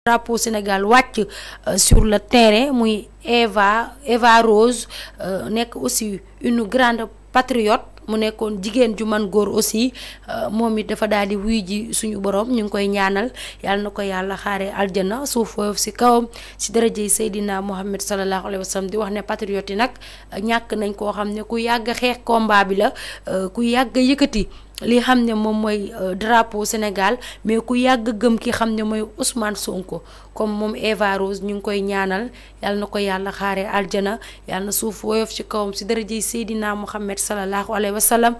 drapeau Sénégal wàcc euh, sur le terrain muy Eva Eva Rose euh, nekk aussi une grande patriote mu nekkoon jigéen ju man góor aussi euh, moom it dafa daal di wuy ji suñu borom ñu ngi koy ñaanal yàlla na ko yàlla xaare aljana suuf foofu si kawam si daraje Seydina Mohamed sallallahu alayhi wa sallam di wax ne patriote yi nag ñàkk nañ koo xam ne ku yàgg xeex komba bi la ku yàgg yëkkati li xam ne moom mooy euh, drapeau Sénégal mais ku yàgg gëm ki xam ne mooy usmaan Sonko comme moom Eva Rose ñu ngi koy ñaanal yal na ko yàlla xaare aljana yal na suuf woyof ci kawam si daraja Seydina Muhammad sallallahu alayhi wa sallam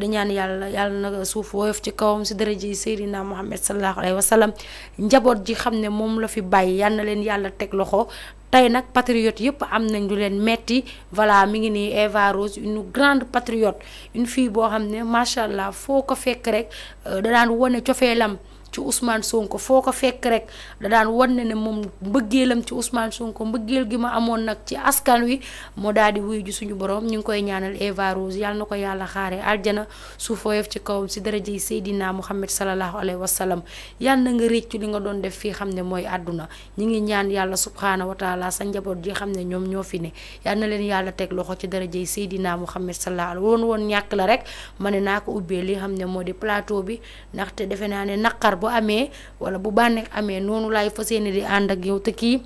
di ñaan yàlla yàlla na suuf ci kawam si daraja Seydina Muhammad sallallahu alayhi wa sallam njaboot ji xam ne moom la fi bàyyi yal na leen yàlla teg loxo. tey nag patriote yëpp am nañ lu leen metti voilà mi ngi nii Eva Rose une grande patriote une fille boo xam ne macha allah foo ko fekk rek euh, da daan wane lam ci Ousmane Sonko foo ko fekk rek da daan wan ne ne moom mbëggeelam ci Ousmane Sonko mbëggeel gi ma amoon nag ci askan wi moo daal di wuyu ji suñu borom ñu ngi koy ñaanal Eva Rose na ko yàlla xaare aljana su fooyof ci kawam si daraja yi Seydina Muhammad sallallahu alayhi wa sallam yàlla na nga réccu li nga doon def fii xam ne mooy àdduna ñi ngi ñaan yàlla subhaana wa taala sa njaboot ji xam ne ñoom ñoo fi ne yàlla na leen yàlla teg loxo ci daraja yi Seydina Muhammad sallallahu alayhi woon woon ñàkk la rek ma ne naa ko ubbee li xam ne moo di plateau bi ndaxte defe naa ne naqar bu amee wala bu bànneex amee noonu lay fas yéene di ànd ak yow te kii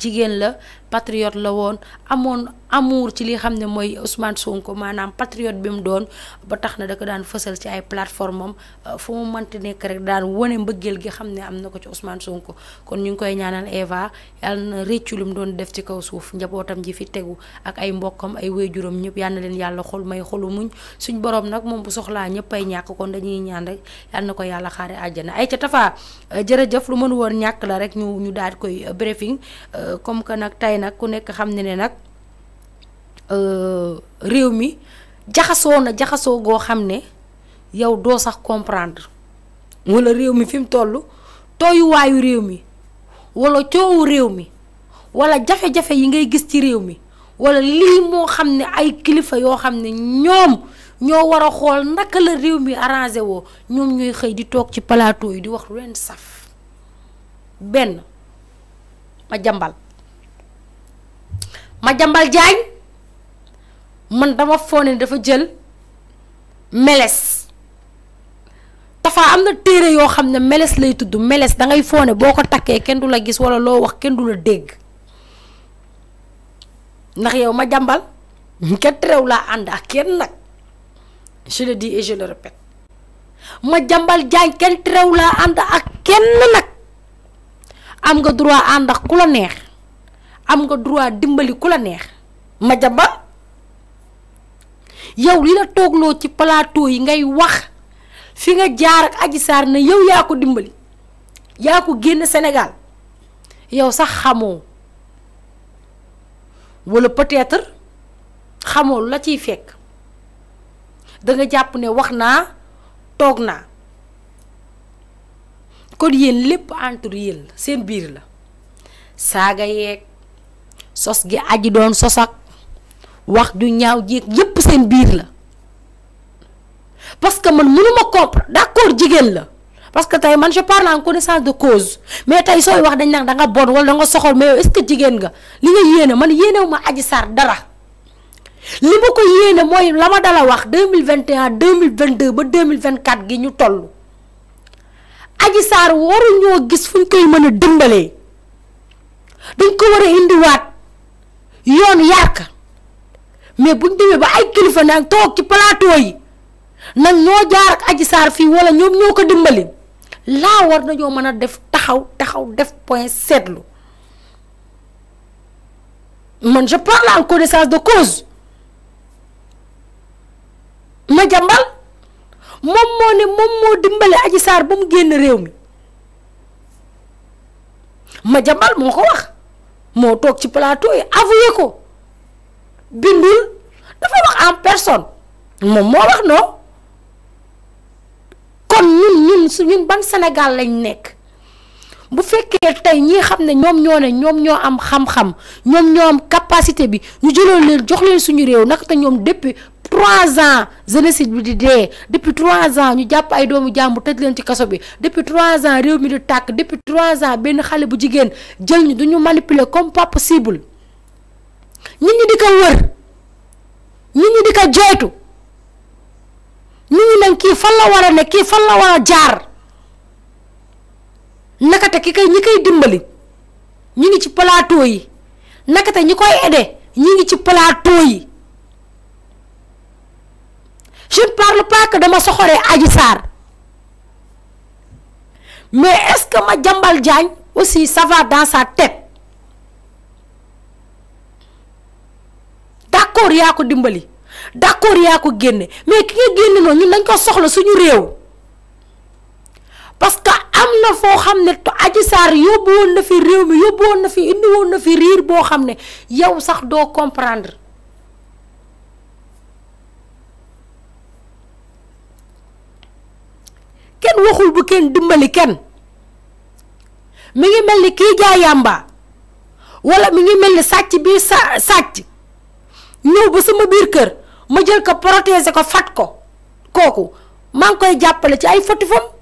jigéen la patriote la woon amoon amour ci li xam ne mooy Ousmane Sonko maanaam patriote bi mu doon ba tax na da ko daan fësal ci ay plateforme am euh, fu mu mënti nekk rek daan wane mbëggeel gi xam ne am na ko ci Ousmane Sonko kon ñu ngi koy ñaanal Eva yàlla na réccu lu mu doon def ci kaw suuf njabootam ji fi tegu ak ay mbokkam ay wéyjuram ñëpp yal na leen yàlla xol may xolu muñ suñ borom nag moom bu soxlaa ñëpp ay ñàkk kon dañuy ñaan rek yal na ko yàlla xaare àjjana ay ca tafaa euh, jërëjëf lu mën ñàkk la rek ñu ñu daal koy euh, briefing nag ku nekk xam ne ne nag euh, réew mi jaxasoo na jaxasoo goo xam ne yow doo sax comprendre wala réew mi fi mu toll tooyuwaayu réew mi wala coowu réew mi wala jafe-jafe yi ngay gis ci réew mi wala lii moo xam ne ay kilifa yoo xam ne ñoom ñoo war a xool naka la réew mi arrangé woo ñoom ñooy xëy di toog ci plateau yi di wax lu leen saf benn ma jàmbal ma Madiambal Diagne man dama foone dafa jël meles dafa am na téere yoo xam ne meles lay tudd meles da ngay foone boo ko takkee kenn du la gis wala loo wax kenn du la dégg ndax yow ma kenn terew laa ànd kenn nag je le dis et je le kenn terew laa ànd ak kenn nag am nga droit ànd ku la neex. am nga droit dimbali kula neex ma jamba yow li la toogloo ci plateau yi ngay wax fi nga jaar ak aji sar na yow ya ko dimbali ya ko génn senegal yow sax xamo wala peut-être xamo la ciy fekk da nga japp ne waxna naa kon yéen entre yeen sen la saga yek sos gi aji doon sos ak wax ju ñaaw jéeg yépp seen biir la parce que man mënuma comprendre d'accord jigéen la parce que tey man je parle en connaissance de cause mais tey sooy wax dañ naan da nga bon wala da nga soxor mais yow que jigéen nga li nga yéene man yéenewu ma aji sar dara li ma ko yéene mooy la ma dala wax 2021 2022 ba 2024 gi ñu toll aji saar waruñoo gis fu ñu koy mën a dimbalee dañ ko war a indiwaat yoon yar ka mais buñ demee ba ay kilifa nag toog ci plateau yi nag ñoo jaar ak Adji fii wala ñoom ñoo ko dimbali laa war nañoo mën a def taxaw taxaw def point setlu man je parle en connaissance de cause ma jàmbal moom moo ne moom moo dimbali Adji Sarr ba mu génn réew mi ma jàmbal moo ko wax. moo toog ci palaato yi avoué ko bindul dafa wax en personne moom moo wax non kon ñun ñun ban senegal lañ nekk bu fekkee tey ñi xam ne ñoom ñoo ne ñoom ñoo am xam-xam ñoom ñoo am capacité bi ñu jëloon leen jox leen suñu réew naka te ñoom depuis trois ans génocide bi di dee depuis trois ans ñu jàpp ay doomu jàmbur tëj leen ci kaso bi depuis trois ans réew mi di tàkk depuis trois ans benn xale bu jigéen jël ñu du ñu manipuler comme pas possible ñit ñi di ko wër ñit ñi di ko jooytu ñit ñi nañ kii fan la war a ne kii fan la war a jaar nakate ki koy ñi koy dimbali ñu ngi ci plateau yi nakate ñi koy aidé ñi ngi ci plateau yi je ne parle pas que de ma soeur Agissar, mais est-ce que ma Diagne aussi ça va dans sa tête d'accord dimbali d'accord mais parce que amna na tu to Adji Sarr na fi mi fi na fi yow sax comprendre kenn waxul bu kenn dimbali kenn mi ngi mel ni kii jaay yàmba wala mi ngi mel ni sàcc bii sa sàcc ñëw ba sama biir kër ma jël ko protéger ko fat ko kooku maa ngi koy jàppale ci ay fotifam